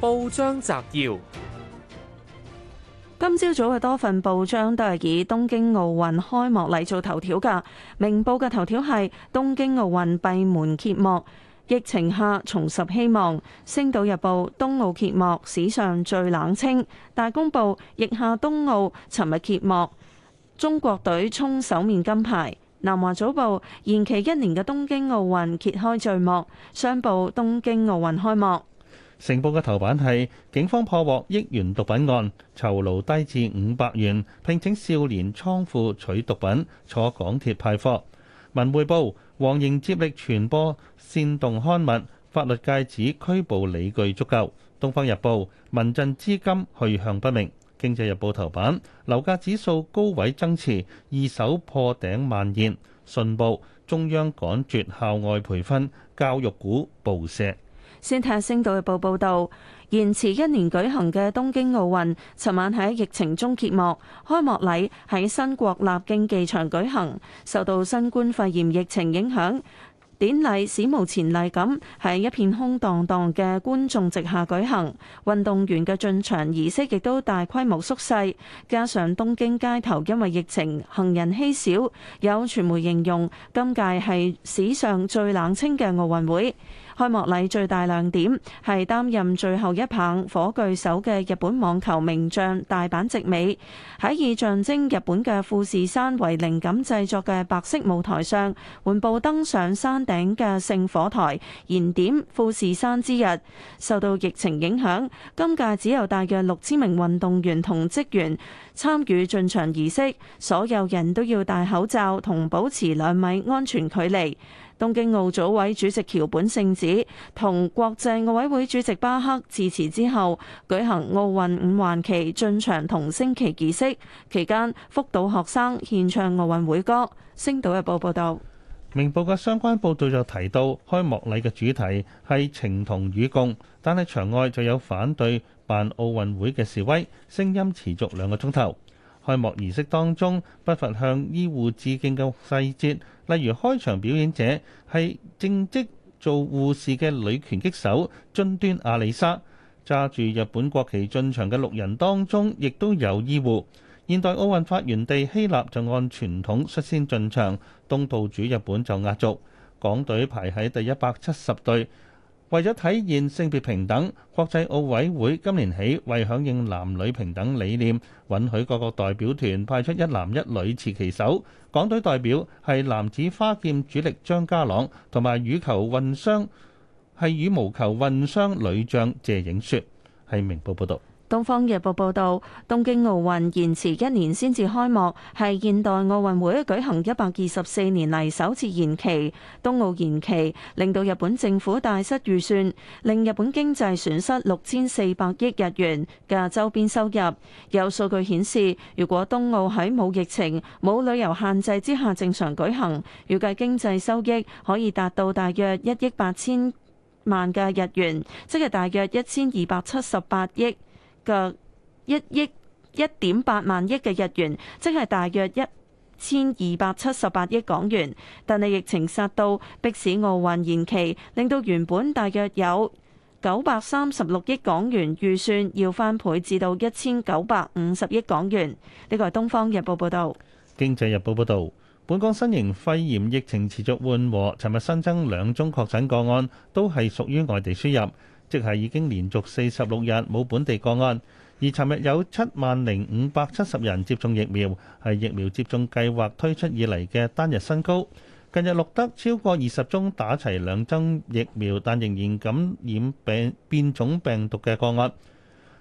報章摘要：今朝早嘅多份報章都係以東京奧運開幕禮做頭條噶。明報嘅頭條係東京奧運閉門揭幕，疫情下重拾希望。星島日報：東奧揭幕史上最冷清。大公報：疫下東奧尋日揭幕，中國隊衝首面金牌。南華早報：延期一年嘅東京奧運揭開序幕。商報：東京奧運開幕。成報嘅頭版係警方破獲億元毒品案，酬勞低至五百元，聘請少年倉庫取毒品，坐港鐵派貨。文匯報，黃營接力傳播煽動刊物，法律界指拘捕理據足夠。東方日報，民陣資金去向不明。經濟日報頭版，樓價指數高位增持，二手破頂蔓延。信報，中央趕絕校外培訓，教育股暴射。先睇下《星島日報》報道。延遲一年舉行嘅東京奧運，尋晚喺疫情中揭幕，開幕禮喺新國立競技場舉行。受到新冠肺炎疫情影響，典禮史無前例咁喺一片空蕩蕩嘅觀眾席下舉行，運動員嘅進場儀式亦都大規模縮細。加上東京街頭因為疫情，行人稀少，有傳媒形容今屆係史上最冷清嘅奧運會。開幕禮最大亮點係擔任最後一棒火炬手嘅日本網球名將大坂直美，喺以象徵日本嘅富士山為靈感製作嘅白色舞台上，緩步登上山頂嘅聖火台，燃點富士山之日。受到疫情影響，今屆只有大約六千名運動員同職員參與進場儀式，所有人都要戴口罩同保持兩米安全距離。東京奧組委主席橋本聖子同國際奧委會主席巴克致辭之後，舉行奧運五環旗進場同升旗儀式。期間，福島學生獻唱奧運會歌。星島日報報道，明報嘅相關報導就提到，開幕禮嘅主題係情同與共，但喺場外就有反對辦奧運會嘅示威，聲音持續兩個鐘頭。開幕儀式當中，不乏向醫護致敬嘅細節。例如開場表演者係正職做護士嘅女拳擊手津端亞莉莎，揸住日本國旗進場嘅六人當中，亦都有醫護。現代奧運發源地希臘就按傳統率先進場，東道主日本就壓軸，港隊排喺第一百七十隊。為咗體現性別平等，國際奧委會今年起為響應男女平等理念，允許各個代表團派出一男一女持旗手，港隊代表係男子花劍主力張家朗，羽球混雙，係羽毛球混雙女將謝影雪，係明報報道。《東方日報》報導，東京奧運延遲一年先至開幕，係現代奧運會舉行一百二十四年嚟首次延期。東奧延期令到日本政府大失預算，令日本經濟損失六千四百億日元嘅周邊收入。有數據顯示，如果東奧喺冇疫情、冇旅遊限制之下正常舉行，預計經濟收益可以達到大約一億八千萬嘅日元，即係大約一千二百七十八億嘅一億一點八萬億嘅日元，即係大約一千二百七十八億港元。但係疫情殺到，迫使奧運延期，令到原本大約有九百三十六億港元預算要翻倍，至到一千九百五十億港元。呢個係《東方日報》報道。《經濟日報》報道，本港新型肺炎疫情持續緩和，尋日新增兩宗確診個案，都係屬於外地輸入。即係已經連續四十六日冇本地個案，而尋日有七萬零五百七十人接種疫苗，係疫苗接種計劃推出以嚟嘅單日新高。近日錄得超過二十宗打齊兩針疫苗，但仍然感染病變種病毒嘅個案。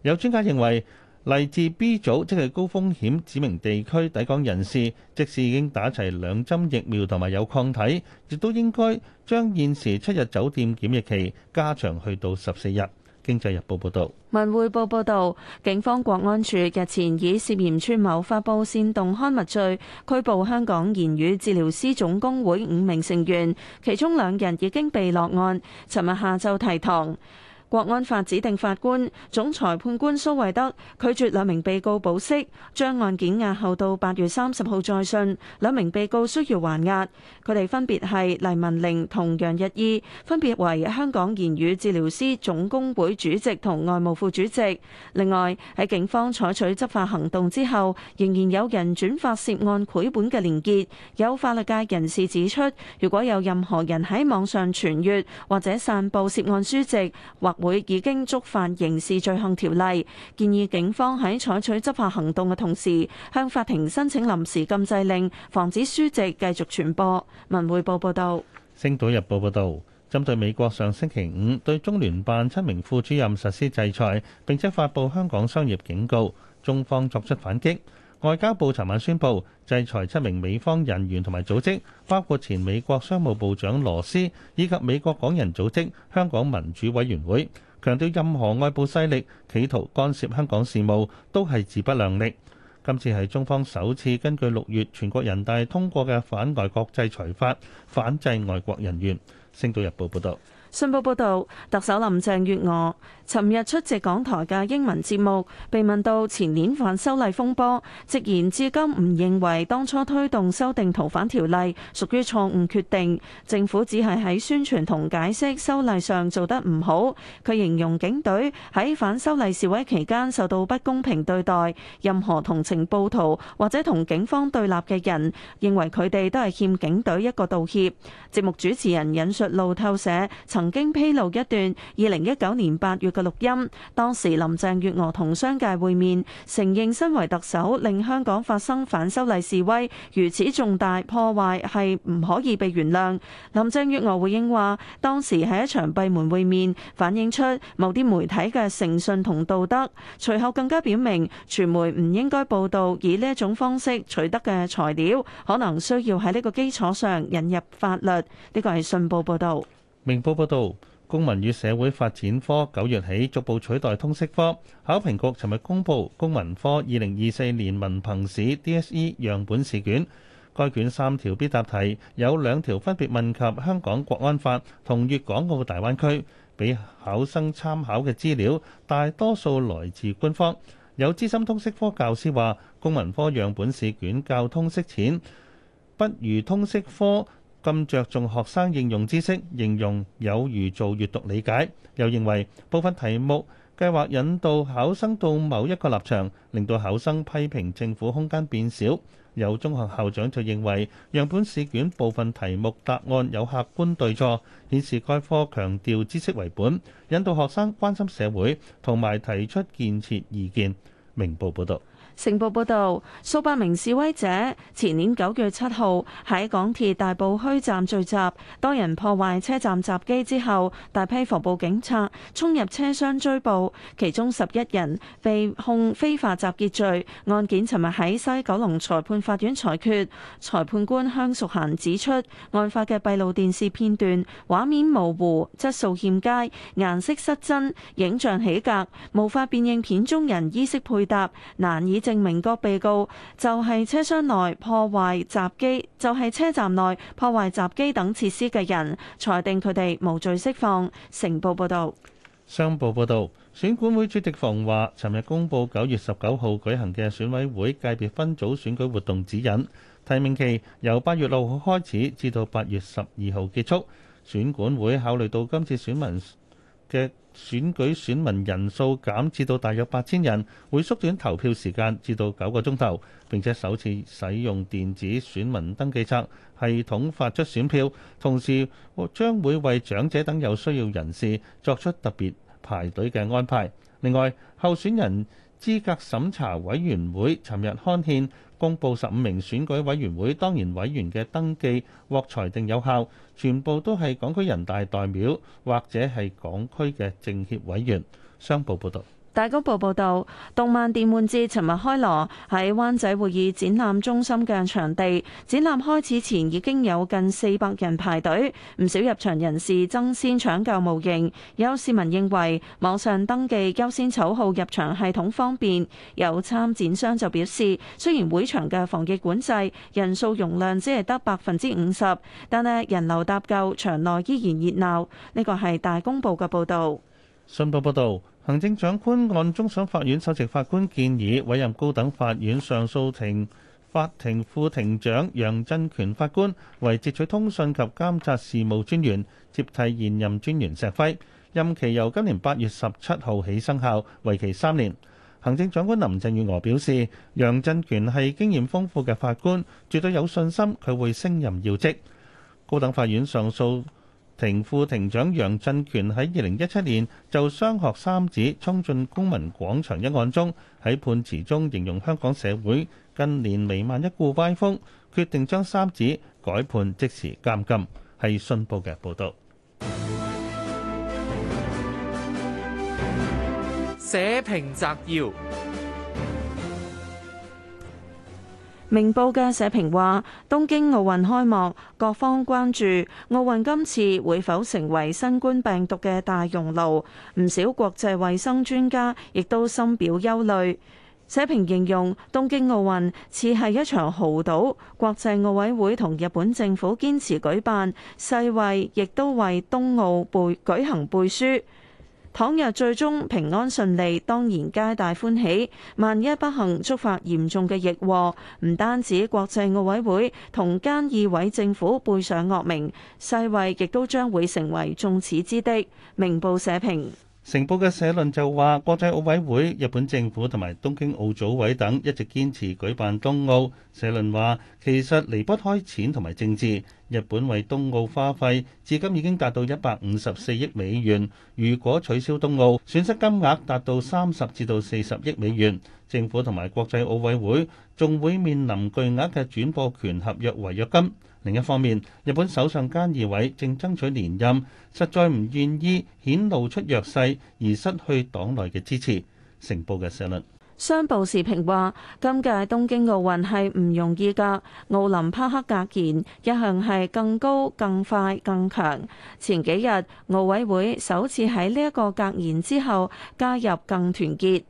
有專家認為，嚟自 B 組即係高風險指明地區抵港人士，即使已經打齊兩針疫苗同埋有抗體，亦都應該將現時七日酒店檢疫期加長去到十四日。經濟日報報道，文匯報報道，警方國安處日前以涉嫌串謀發布煽動刊物罪拘捕香港言語治療師總工會五名成員，其中兩人已經被落案，尋日下晝提堂。國安法指定法官總裁判官蘇惠德拒絕兩名被告保釋，將案件押後到八月三十號再訊。兩名被告需要還押，佢哋分別係黎文玲同楊日義，分別為香港言語治療師總工會主席同外務副主席。另外，喺警方採取執法行動之後，仍然有人轉發涉案繪本嘅連結。有法律界人士指出，如果有任何人喺網上傳閱或者散布涉案書籍，或會已經觸犯刑事罪行條例，建議警方喺採取執法行動嘅同時，向法庭申請臨時禁制令，防止書籍繼續傳播。《文匯報》報道。《星島日報》報道，針對美國上星期五對中聯辦七名副主任實施制裁，並且發布香港商業警告，中方作出反擊。外交部昨晚宣布制裁七名美方人員同埋組織，包括前美國商務部長羅斯以及美國港人組織香港民主委員會，強調任何外部勢力企圖干涉香港事務都係自不量力。今次係中方首次根據六月全國人大通過嘅反外國制裁法反制外國人員。星島日報報道。信報報導，特首林鄭月娥尋日出席港台嘅英文節目，被問到前年反修例風波，直言至今唔認為當初推動修訂逃犯條例屬於錯誤決定，政府只係喺宣傳同解釋修例上做得唔好。佢形容警隊喺反修例示威期間受到不公平對待，任何同情暴徒或者同警方對立嘅人，認為佢哋都係欠警隊一個道歉。節目主持人引述路透社曾。曾經披露一段二零一九年八月嘅錄音，當時林鄭月娥同商界會面，承認身為特首令香港發生反修例示威，如此重大破壞係唔可以被原諒。林鄭月娥回應話：當時係一場閉門會面，反映出某啲媒體嘅誠信同道德。隨後更加表明，傳媒唔應該報導以呢一種方式取得嘅材料，可能需要喺呢個基礎上引入法律。呢個係信報報導。明報報道，公民與社會發展科九月起逐步取代通識科。考評局尋日公布公民科二零二四年文憑試 DSE 樣本試卷，該卷三條必答題有兩條分別問及香港國安法同粵港澳大灣區。俾考生參考嘅資料大多數來自官方。有資深通識科教師話，公民科樣本試卷較通識淺，不如通識科。咁着重學生應用知識，應用有如做閱讀理解。又認為部分題目計劃引導考生到某一個立場，令到考生批評政府空間變少。有中學校長就認為，樣本試卷部分題目答案有客觀對錯，顯示該科強調知識為本，引導學生關心社會同埋提出建設意見。明報報道。成報報道，數百名示威者前年九月七號喺港鐵大埔墟站聚集，多人破壞車站閘機之後，大批防暴警察衝入車廂追捕，其中十一人被控非法集結罪。案件尋日喺西九龍裁判法院裁決，裁判官香淑嫻指出，案發嘅閉路電視片段畫面模糊、質素欠佳、顏色失真、影像起格，無法辨認片中人衣飾配。答難以證明各被告就係車廂內破壞閘機，就係、是、車站內破壞閘機等設施嘅人，裁定佢哋無罪釋放。成報報道，商報報道，選管會主席馮華尋日公佈九月十九號舉行嘅選委會界別分組選舉活動指引，提名期由八月六號開始，至到八月十二號結束。選管會考慮到今次選民。嘅選舉選民人數減至到大約八千人，會縮短投票時間至到九個鐘頭，並且首次使用電子選民登記冊系統發出選票，同時將會為長者等有需要人士作出特別排隊嘅安排。另外，候選人資格審查委員會尋日刊憲。公布十五名選舉委員會當然委員嘅登記獲裁定有效，全部都係港區人大代表或者係港區嘅政協委員。商報報導。大公報報導，動漫電玩節尋日開鑼，喺灣仔會議展覽中心嘅場地，展覽開始前已經有近四百人排隊，唔少入場人士爭先搶購模型。有市民認為網上登記優先籌號入場系統方便。有參展商就表示，雖然會場嘅防疫管制，人數容量只係得百分之五十，但係人流搭夠，場內依然熱鬧。呢個係大公報嘅報導。信報報道，行政長官按終審法院首席法官建議，委任高等法院上訴庭法庭副庭長楊振權法官為截取通訊及監察事務專員，接替現任專員石輝，任期由今年八月十七號起生效，為期三年。行政長官林鄭月娥表示，楊振權係經驗豐富嘅法官，絕對有信心佢會升任要職。高等法院上訴庭副庭長楊振權喺二零一七年就雙學三子衝進公民廣場一案中，喺判詞中形容香港社會近年彌漫一股歪風，決定將三子改判即時監禁。係信報嘅報道。社評摘要。明報嘅社評話：東京奧運開幕，各方關注奧運今次會否成為新冠病毒嘅大熔爐？唔少國際衞生專家亦都深表憂慮。社評形容東京奧運似係一場豪賭，國際奧委會同日本政府堅持舉辦，世衛亦都為東奧背舉行背書。倘若最終平安順利，當然皆大歡喜。萬一不幸觸發嚴重嘅疫禍，唔單止國際奧委會同菅義偉政府背上惡名，世衛亦都將會成為眾矢之的。明報社評。成報嘅社論就話：國際奧委會、日本政府同埋東京奧組委等一直堅持舉辦東奧。社論話其實離不開錢同埋政治。日本為東奧花費至今已經達到一百五十四億美元。如果取消東奧，損失金額達到三十至到四十億美元。政府同埋國際奧委會仲會面臨巨額嘅轉播權合約違約金。另一方面，日本首相菅義偉正爭取連任，實在唔願意顯露出弱勢而失去黨內嘅支持。成報嘅社論。商報時評話，今屆東京奧運係唔容易噶，奧林匹克格言一向係更高、更快、更強，前幾日奧委會首次喺呢一個格言之後加入更團結。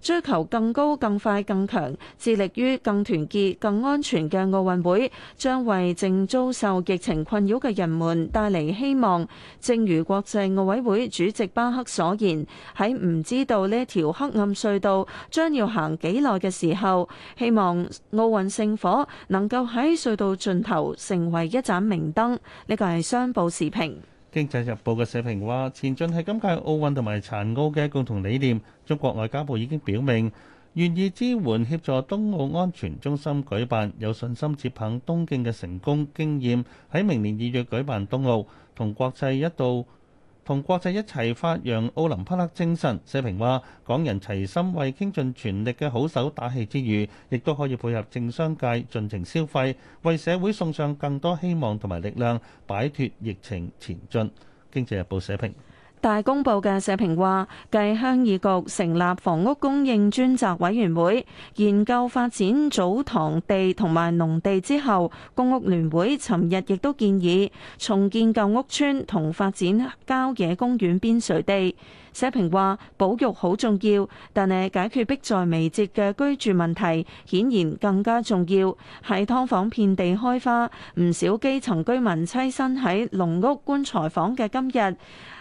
追求更高、更快、更強，致力於更團結、更安全嘅奧運會將為正遭受疫情困擾嘅人們帶嚟希望。正如國際奧委會主席巴克所言，喺唔知道呢條黑暗隧道將要行幾耐嘅時候，希望奧運聖火能夠喺隧道盡頭成為一盞明燈。呢個係商報時評。經濟日報嘅社評話：前進係今屆奧運同埋殘奧嘅共同理念。中國外交部已經表明願意支援協助冬奧安全中心舉辦，有信心接棒東京嘅成功經驗，喺明年二月舉辦冬奧同國際一道。同國際一齊發揚奧林匹克精神，社評話：港人齊心為傾盡全力嘅好手打氣之餘，亦都可以配合政商界盡情消費，為社會送上更多希望同埋力量，擺脱疫情前進。經濟日報社評。大公報嘅社評話，繼鄉議局成立房屋供應專責委員會研究發展祖堂地同埋農地之後，公屋聯會尋日亦都建議重建舊屋邨同發展郊野公園邊陲地。社評話，保育好重要，但係解決迫在眉睫嘅居住問題顯然更加重要。喺㓥房遍地開花，唔少基層居民棲身喺籠屋棺材房嘅今日，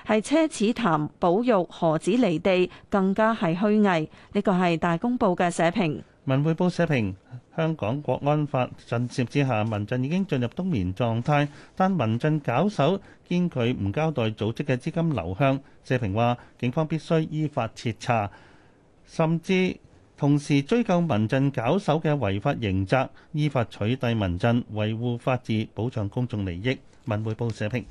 係奢侈談保育，何止離地，更加係虛偽。呢個係《大公報》嘅社評，《文匯報》社評。香港國安法震懾之下，民陣已經進入冬眠狀態，但民陣搞手堅拒唔交代組織嘅資金流向。社評話，警方必須依法徹查，甚至同時追究民陣搞手嘅違法刑責，依法取締民陣，維護法治，保障公眾利益。文匯《文匯報》社評。